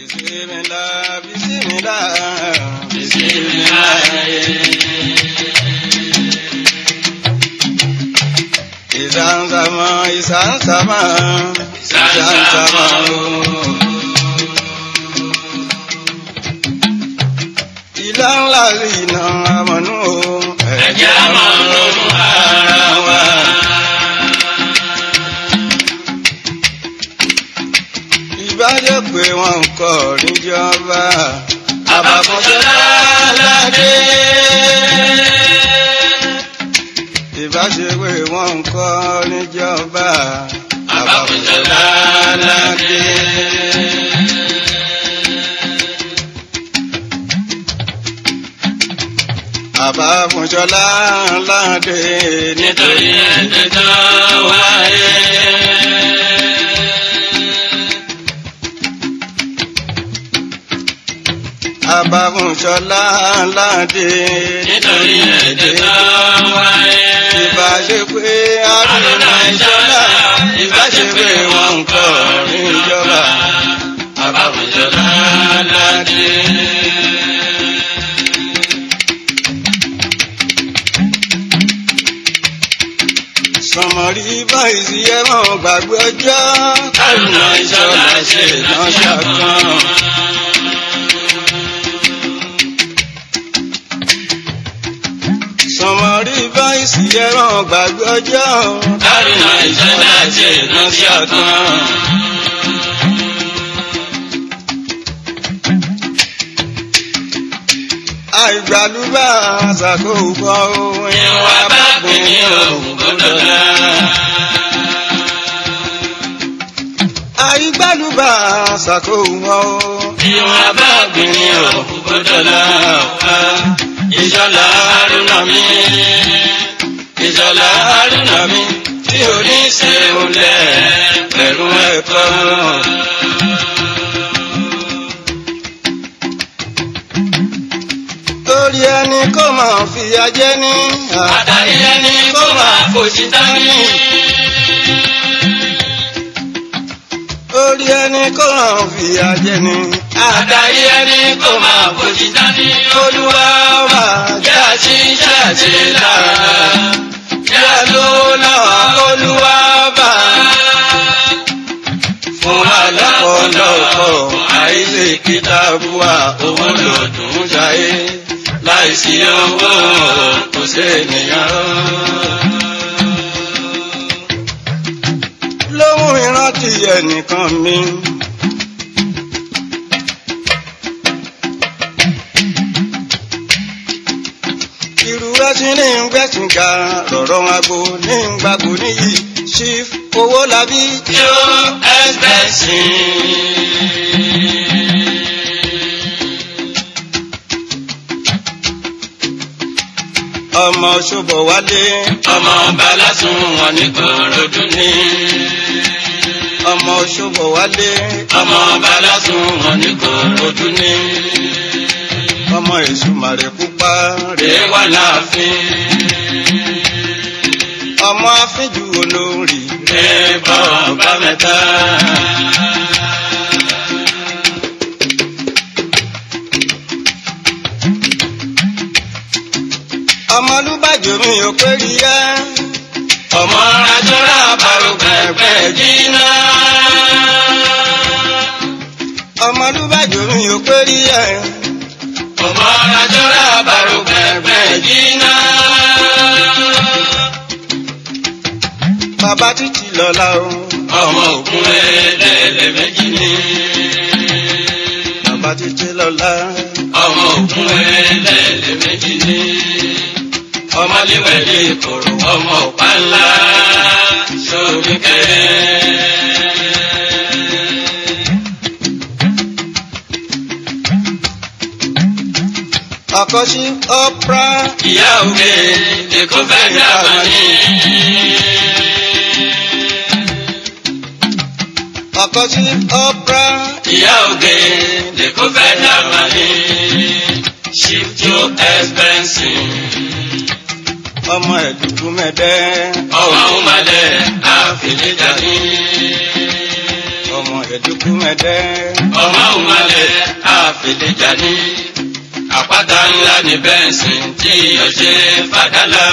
bisimilá bisimilá bisimilá ìsánsàmọ ìsánsàmọ ìsánsàmọ ìlànà ìlànà àmọ̀nù ẹ̀jẹ̀ àmọ̀nù. pé wọ́n ń kọ́ níjọba. àbàkùnjọba ládé. ìbáṣepé wọ́n ń kọ́ níjọba. àbàkùnjọba ládé. àbàkùnjọba ládé nítorí ẹ̀dẹ́jọ́. Babunṣọlá Ládé. Nítorí ẹ̀jẹ̀ tó wáyé. Ìbáṣe pé Arúnà Ìṣọlá, ìbáṣe pé wọ́n ń kọ́ níjọba. Babunṣọlá Ládé. Sọmọrí báyìí sí ẹ̀rọ gbàgbé ọjọ́. Arúnà Ìṣọlá ṣe ìránṣẹ́ kan. láìsí ẹran gbàgbé ọjọ́. kárìnà ìjọba àti ìrántí ọ̀kan. àìgbàlúgbà àṣàkó bọ́ ohun ìwà bá pè ní òun gbọ́dọ̀ náà. àìgbàlúbà sàkó wọn o. ìwọ̀n abáàgbìnrin ò gbọ́dọ̀ lọ́wọ́ ìjọ́lá àrùn náà mi ìjọlá àrùnà mi tí ò ní ṣe òǹlẹ̀ pẹ̀lú ẹ̀kọ́. lórí ẹni kó máa fìyà jẹ ní. àtàrí ẹni kó máa fòṣì dání. lórí ẹni kó máa fìyà jẹ ní. àtàrí ẹni kó máa fòṣì dání. olúwa máa jáde jáde lára. Yanu na Olúwa bá fún alọ́pọ̀lọpọ̀ àìsè kìtàbùwà owó lòdùn jáyé láìsí owó kò sí ìrántí ẹnìkan mi. ngbẹ́tí ní ngbẹ́tí ga lọ́rọ̀ agbo ní ngbàgbọ́ níyì chief owó labí. yóò ẹgbẹ́ sí i. ọmọ ṣubọ wálé. ọmọ balásùn wọn ní kòròdú ní. ọmọ ṣubọ wálé. ọmọ balásùn wọn ní kòròdú ní ọmọ Èṣùmàrè pupa rèé wà láàfin. ọmọ afínjú olórí rèé bá ọba mẹ́ta. ọmọlúbàjò mi ò pé rí yá. ọmọ ajọ́ra àbárògbà ẹ̀gbẹ́ jìnnà. ọmọlúbàjò mi ò pé rí yá. Ọ̀làjọ́ra bàrò pẹ̀pẹ̀ dínà. Bàbá títí lọ́la o. Ọmọ òkun ẹlẹ́lẹ̀ méjì ni. Bàbá títí lọ́la. Ọmọ òkun ẹlẹ́lẹ̀ méjì ni. Ọmọléwẹ̀lẹ̀ kòrò ọmọ ọ̀pá sórí kẹ́ẹ́. percussion opera. ìyá òkè èkó fẹ́ dá àbáyé. percussion opera. ìyá òkè èkó fẹ́ dá àbáyé. shift your expenses. ọmọ ẹ̀dùnkú mẹ́dẹ́. ọmọ ọ̀hún mẹ́dẹ́ àfìlẹ́ jáde. ọmọ ẹ̀dùnkú mẹ́dẹ́. ọmọ ọ̀hún mẹ́dẹ́ àfìlẹ́ jáde àpáta ńlá ní bẹ́ǹsì tí ọ̀jẹ̀ fàdálà.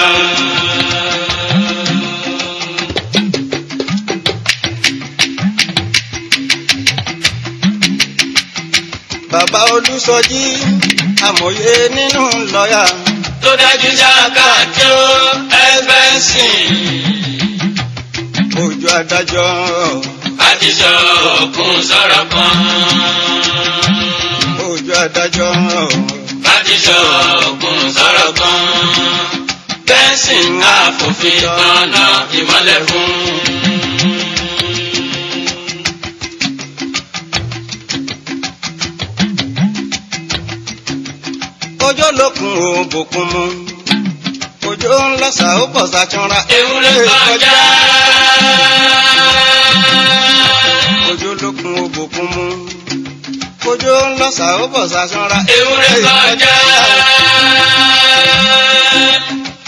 bàbá olùsọjí amòye nínú lọ́yà. tó dájú jáka tí ó ẹgbẹ́sì. ojú adájọ́. àtijọ́ òkun sọ̀rọ̀ kan. ojú adájọ́ jísọ ògùn sọ̀rọ̀ gan-an bẹ́ẹ̀ sì ń àfòfin tọ́nà ìmọ́lẹ̀ fún. ojú olókun ò bòkun mu ojú ńlọ́sà ó bọ̀ sàtúnra. ewúrẹ́ kọjá. ojú olókun ò bòkun mu kojó ńlọ́sà ó bọ̀ sàsanra. ewúrẹ́ kọjá.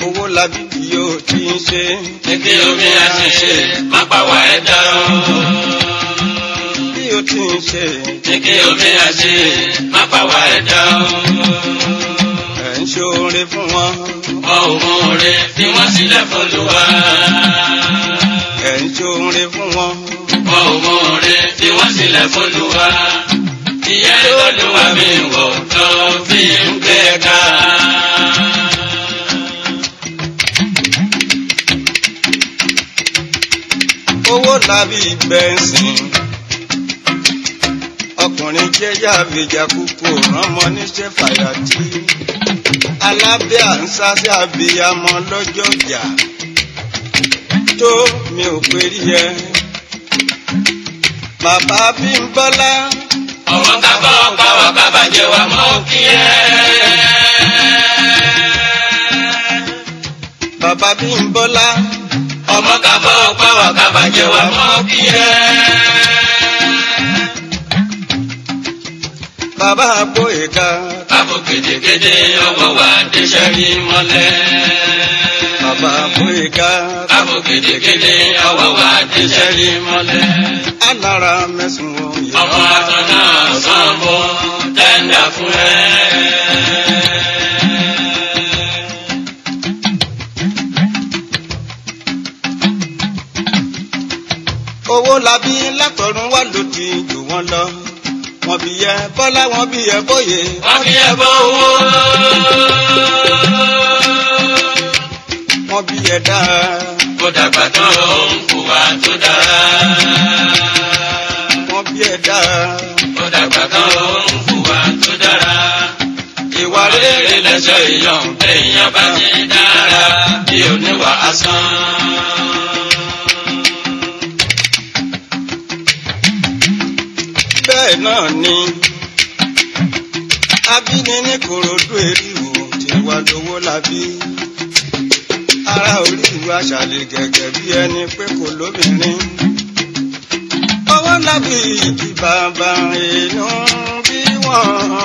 owó labi yóò ti ń ṣe. èké omi àṣẹ má pa wà ẹ̀ dá o. bí o ti ń ṣe. èké omi àṣẹ má pa wà ẹ̀ dá o. ẹ̀ ń ṣoore fún wọn. wọn ò mú wọ́n sílẹ̀ fún lùwà. ẹ̀ ń ṣoore fún wọn. wọn ò mú wọ́n sílẹ̀ fún lùwà ìyẹn lọ́dúnwá mi wò tó fi ń tẹ̀ ká. owó làbí bẹ́ńsìn ọkùnrin jẹ́ yàbẹ̀jà kúkú ránmọ níṣẹ́ fàyàtì alábẹ́ à ń lọ́jọ́ ìjà tó mi ò pè rí ẹ bàbá Bímbọ́lá ọmọ kábọ̀ pàwọ́ kábàjẹ́ wa mọ́ kí ẹ. bàbá Bímbọ́lá. ọmọ kábọ̀ pàwọ́ kábàjẹ́ wa mọ́ kí ẹ. bàbá àpò ìka. bàbá kèdèkèdè ọmọ wa dé sẹ́rí mọ́lẹ̀ máa mú ìka. Àbò gidigidi ọwọ́ wa jíṣẹ́ ní mọ́lẹ̀. Alára mẹ́sùn òye. Ọmọ àtọ̀ náà sanwó tẹ́ńdà fún ẹ. Owó labí látọ̀run wá lòdì jù wọ́n lọ wọ́n bí yẹ bọ́lá wọ́n bí yẹ bóyè. wọ́n bí yẹ bọ́ owó mọ́ bí ẹ̀dá. Kó dàgbà tán òun kò wá tó dára. Mọ́ bí ẹ̀dá. Kó dàgbà tán òun kò wá tó dára. Ìwà rere lẹ́sọ̀ èèyàn èèyàn bá ti dára bí oníwà asán. Bẹ́ẹ̀ náà ni abíní ní korodo tí wàá dowó la ara olúwa ṣàlè gẹ̀gẹ̀ bí ẹni pé kò lóbìnrin. ọwọ́ ńlá bí ìdí bàbá inú bí wọ́n o.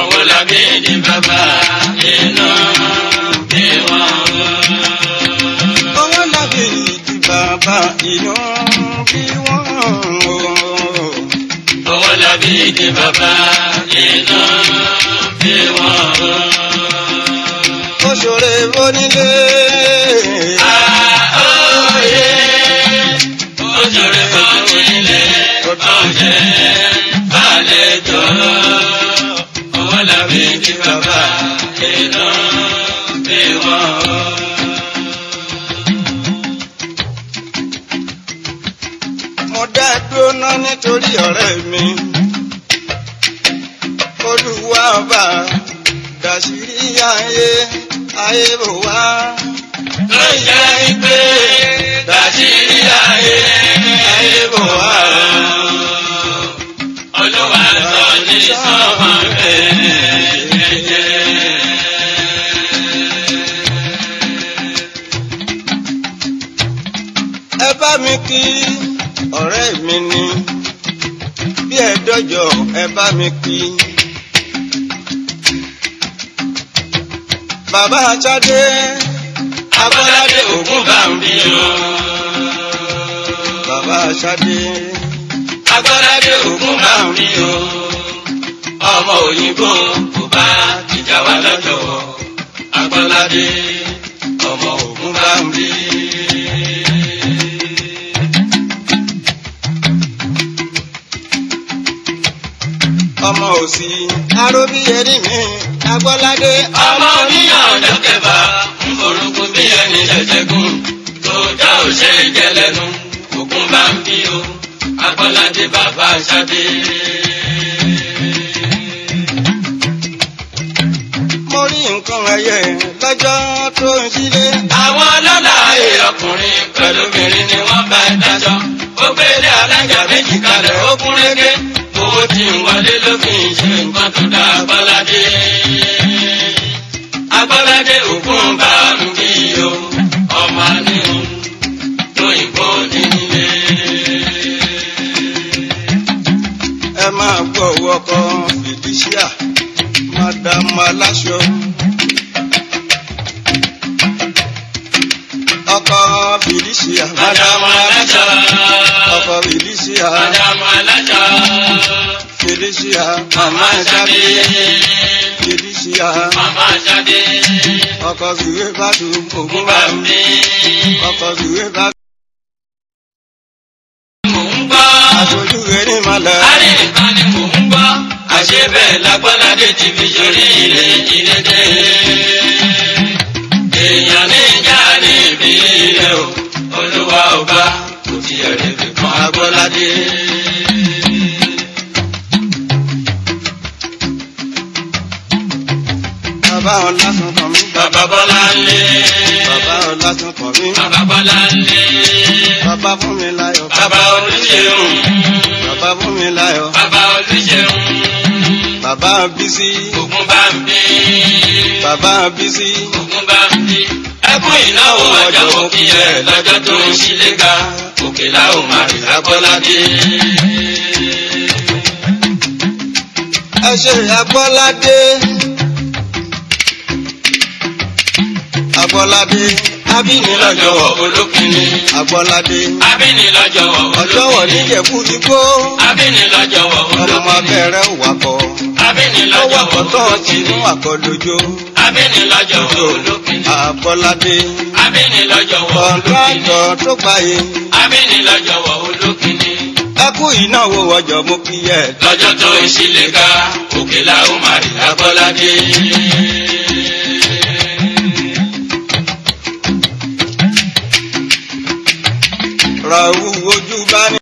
ọwọ́ ńlá bí ìdí bàbá inú bí wọ́n o. ọwọ́ ńlá bí ìdí bàbá inú bí wọ́n o. ọwọ́ ńlá bí ìdí bàbá inú bí wọ́n o ó ṣòro èbó nílé. àóyè ó ṣòro èbó nílé ọ̀jẹ̀ balẹ̀ jọ owó làbí kí bàbá iná bí wọ́n. mo dá dúró ná nítorí ọ̀rẹ́ mi olúwa ọba dàṣírí ayé ayé bò wá. ló ń jẹ́ ìpè bàṣírí ayé ayé bò wá. olúwa sọ ní sọ́mọ rẹ̀. ẹ mi kí ọ̀rẹ́ mi ni bí ẹ dọ́jọ́ ẹ mi kí. bàbá Ṣadé Abọ́ládé Ògúnbàmí o. bàbá Ṣadé Abọ́ládé Ògúnbàmí o. ọmọ òyìnbó kò bá ìjà wa lọ́jọ́ Abọ́ládé ọmọ Ògúnbàmí. ọmọ òsì aró bí mi. Agbọ́ládé. Ọmọ níyàn ọjọ́ kẹfà ń forúkú bí ẹni jẹjẹgùn. Tòótọ́ ò ṣe é jẹ lẹ́nu, òkun bá ń bí o. Agbọ́ládé bàbá Ṣadé. Mo rí nǹkan ayẹ lọ́jọ́ tó ń sílé. Àwọn ọlọ́lá ọkùnrin pẹ̀lú obìnrin ni wọ́n bá ẹ dájọ́. Ó gbélé alájà méjì kalẹ̀ ó kún régé. Owó tí ń wọlé lókè ṣe nǹkan tó dá Agbọ́ládé. Bọ́ládé òkun bá mi kí o, ọmọ ní o, Tóyìnbó ní nílé. Ẹ máa gbọ́ owó ọkọ̀ Fìdíṣíà, Mádàmú Aláṣọ. Ọkọ̀ Fìdíṣíà, Mádàmú Aláṣọ. Ọkọ̀ Fìdíṣíà, Mádàmú Aláṣọ. Fìdíṣíà, Màmá Ṣábíyé ṣíyá. Bàbá Jáde. Ọkọ̀ sùwé bá dùn ògùn bá mi. Ọkọ̀ sùwé bá dùn. Mò ń gbọ́. Àṣojú rẹ̀ ní màlá. Àrẹ̀ ìta ni mò ń gbọ́. Àṣé bẹ́ẹ̀ lágbọ́ládé ti fi ṣorí ilé ìjìnlẹ̀. Baba ọlásùnkàn mi. bàbá bọ́lá lé. bàbá ọlásùnkàn mi. bàbá baba lé. bàbá fún mi láyọ̀. baba olùjẹun. bàbá fún mi láyọ̀. baba olùjẹun. bàbá bísí. ògùn bá ń bí. bàbá bísí. ògùn bá ń bí. ẹkún ìnáwó àjàwọ̀ kílẹ̀ lọ́jọ́ tó ń ṣílé ká òkè láwọn máa rí lábọ́ládé. ẹ ṣe àgbọ́ládé. Àfọlábí. Abíní lọ́jọ́wọ́ olókìní. Àfọlábí. Abíní lọ́jọ́wọ́ olókìní. Ọjọ́wọ́ níjẹ̀bú ti kó. Abíní lọ́jọ́wọ́ olókìní. Ọmọ abẹ́rẹ́ wakọ̀. Abíní lọ́jọ́wọ́ olókìní. Ó wakọ̀ tọ́ sínú àkọ́dójó. Abíní lọ́jọ́wọ́ olókìní. Àfọlábí. Abíní lọ́jọ́wọ́ olókìní. Kọ̀ńtọ́ńtọ̀ tó gbáyé. Abíní olókìní kú ìnáwó ọjọ́ mú kí ẹ. lọ́jọ́ tó ń ká òkè la máa rí lábọ́ládé. ràwù ojú bá ní.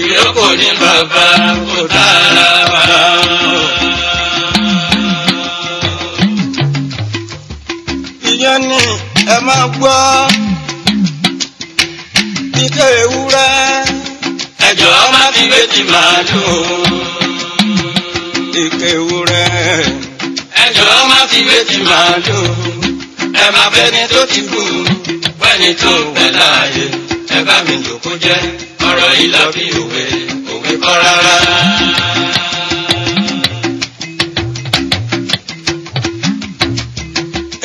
ìrókò ní bàbá kò dára bàrà. ìyẹn ni ẹ máa gbọ́ ike ewúrẹ́. ẹjọ́ má fi ti máa dùn. ike ewúrẹ́. ẹjọ́ ti fi méjì máa dùn ẹ máa bẹni tó ti kú bẹni tó wà láàyè ẹ bá mi jòkó jẹ ọ̀rọ̀ yìí lọ bí òwe òwe kọ́ rárá.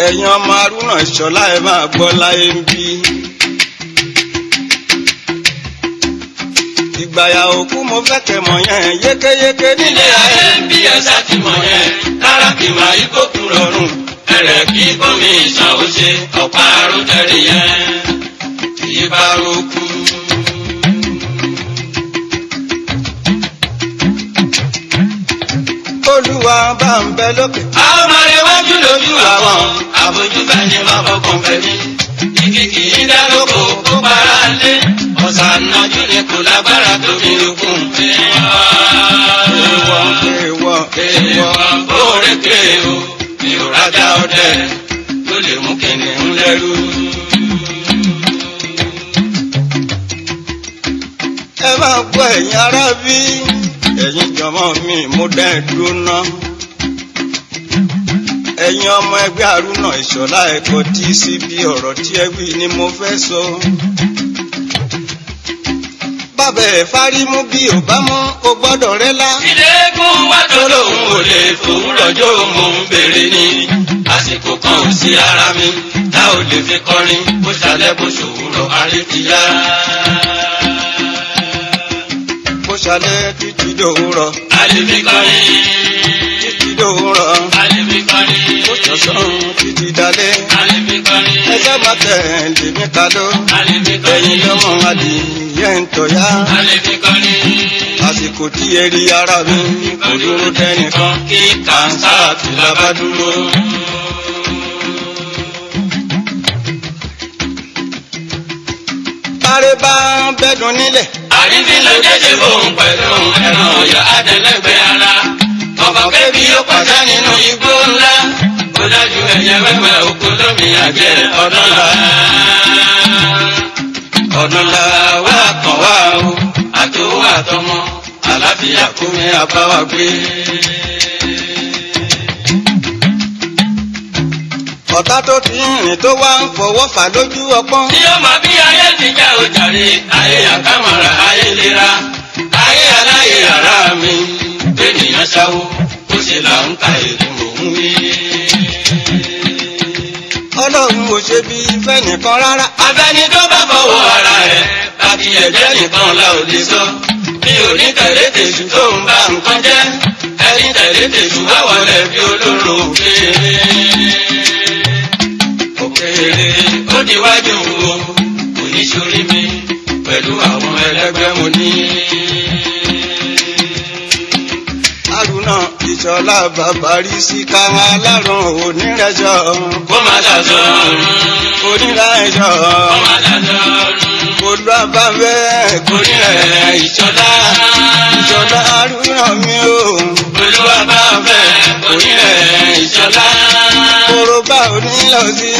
ẹ̀yin ọmọ arúnà ìṣọ̀lá ẹ máa gbọ́ láyé ń bí. ìgbàyà òkú mo fẹ́ kẹ́ mọ̀ yẹn yékéyéké nílé ayé. nílé ayé ń bí ẹ sá ti mọ̀ yẹn kára kì máa yí kó kú ẹrẹ̀ kí bómi ìsàwọ́sẹ̀ ọ̀pá àrùtẹ̀rẹ̀ yẹn ìbá roku. olúwa bá ń bẹ lókè. àwọn lójú àwọn àbójúbá ni wọn fọkàn fẹ mí. igi kì kó para lé ọ̀sán nájú ni kò lágbára tóbi okùn fẹ́. èèwọ̀ èèwọ̀ èèwọ̀ bóore kéwòn tí ó rájà ọdẹ tó lè mú kìnìún lẹ́rú. ẹ máa gbọ́ ẹ̀yin ará bí ẹ̀yin jọmọ mi mo dá ẹ dúró ná. ẹ̀yin ọmọ ẹgbẹ́ àrùnà ìṣọ̀lá ẹ̀kọ́ tí síbi ọ̀rọ̀ tí ẹ wí ni mo fẹ́ sọ kábẹ̀ fárímú bí ò bá mọ́ o gbọ́dọ̀ rẹ́ la. ìdẹ́kùn wá tó lòun ò lè fòun lọ́jọ́ mò ń bèrè ni àsìkò kan ò sí ara mi tá ò lè fi kọrin bó ṣalẹ́ bó ṣòwúrọ̀ àrí ti yá. bó ṣalẹ́ títí dòwúrọ̀. a lè fi kọrin títí dòwúrọ̀ ó ṣọ̀ṣọ́ títí dalẹ́ ẹjẹ́ máa tẹ̀lé mi kaló ẹ̀yin lọ́mọ adìyẹ ń tọ́yá àsìkò tí eri ara mi kò dúró tẹ́nìkan kí kàńsà ti lábá dúró. Bárẹ́ bá ń bẹ́dùn nílẹ̀. Àrífín ló jẹ́ ṣe fóun pẹ̀lú ẹran ọ̀yọ́ àtẹlẹgbẹ́ ara mọ̀kàn kébí ó kọjá nínú igbó ńlá ó dájú ẹyẹ wẹ́wẹ́ òkú lómi àjẹ ọ̀dọ́là ọ̀dọ́là wà kàn wá o àtòwò àtọmọ àlàáfíà kúmi àbáwá gbé. ọ̀tá tó ti ń rìn tó wá ń fọwọ́ fà lójú ọpọ́n. tí ó mọ bí ayé ti já ojàre ayé àkàmọ̀ra ayé lera ayé aláyé ara mi ènìyàn ṣáwó ṣe là ń ka ètò òun ọlọ́run ò ṣe bí fẹ́nìkan rárá. abẹ́ni tó bá fọwọ́ ara rẹ̀ bàbí ẹ̀jẹ̀ nìkan la ò lè sọ. mi ò ní tẹ̀lé tèṣù tó ń bá nǹkan jẹ́ ẹni tẹ̀lé tèṣù wá wọlé bí olóró òkèèrè. òkèèrè ó di wájú wo kò ní sórí mi pẹ̀lú àwọn ẹlẹ́gbẹ́ mo ní. ṣọlá bàbá rí sí káwọn alárùn onírẹjọ. kó má dàjọ. onírẹjọ. kó má dàjọ. olú abáfẹ́ onírẹ̀ ìjọba. ìjọba arúgbó mi o. olú abáfẹ́ onírẹ̀ ìjọba. kóróbà onílọ sí.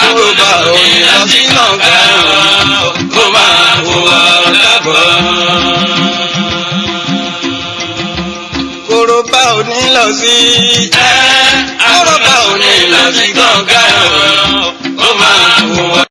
kóróbà onílọ. lọ sí. ẹ àròbá ò ní lọ sí gbọ̀ngàn ó máa wù wá.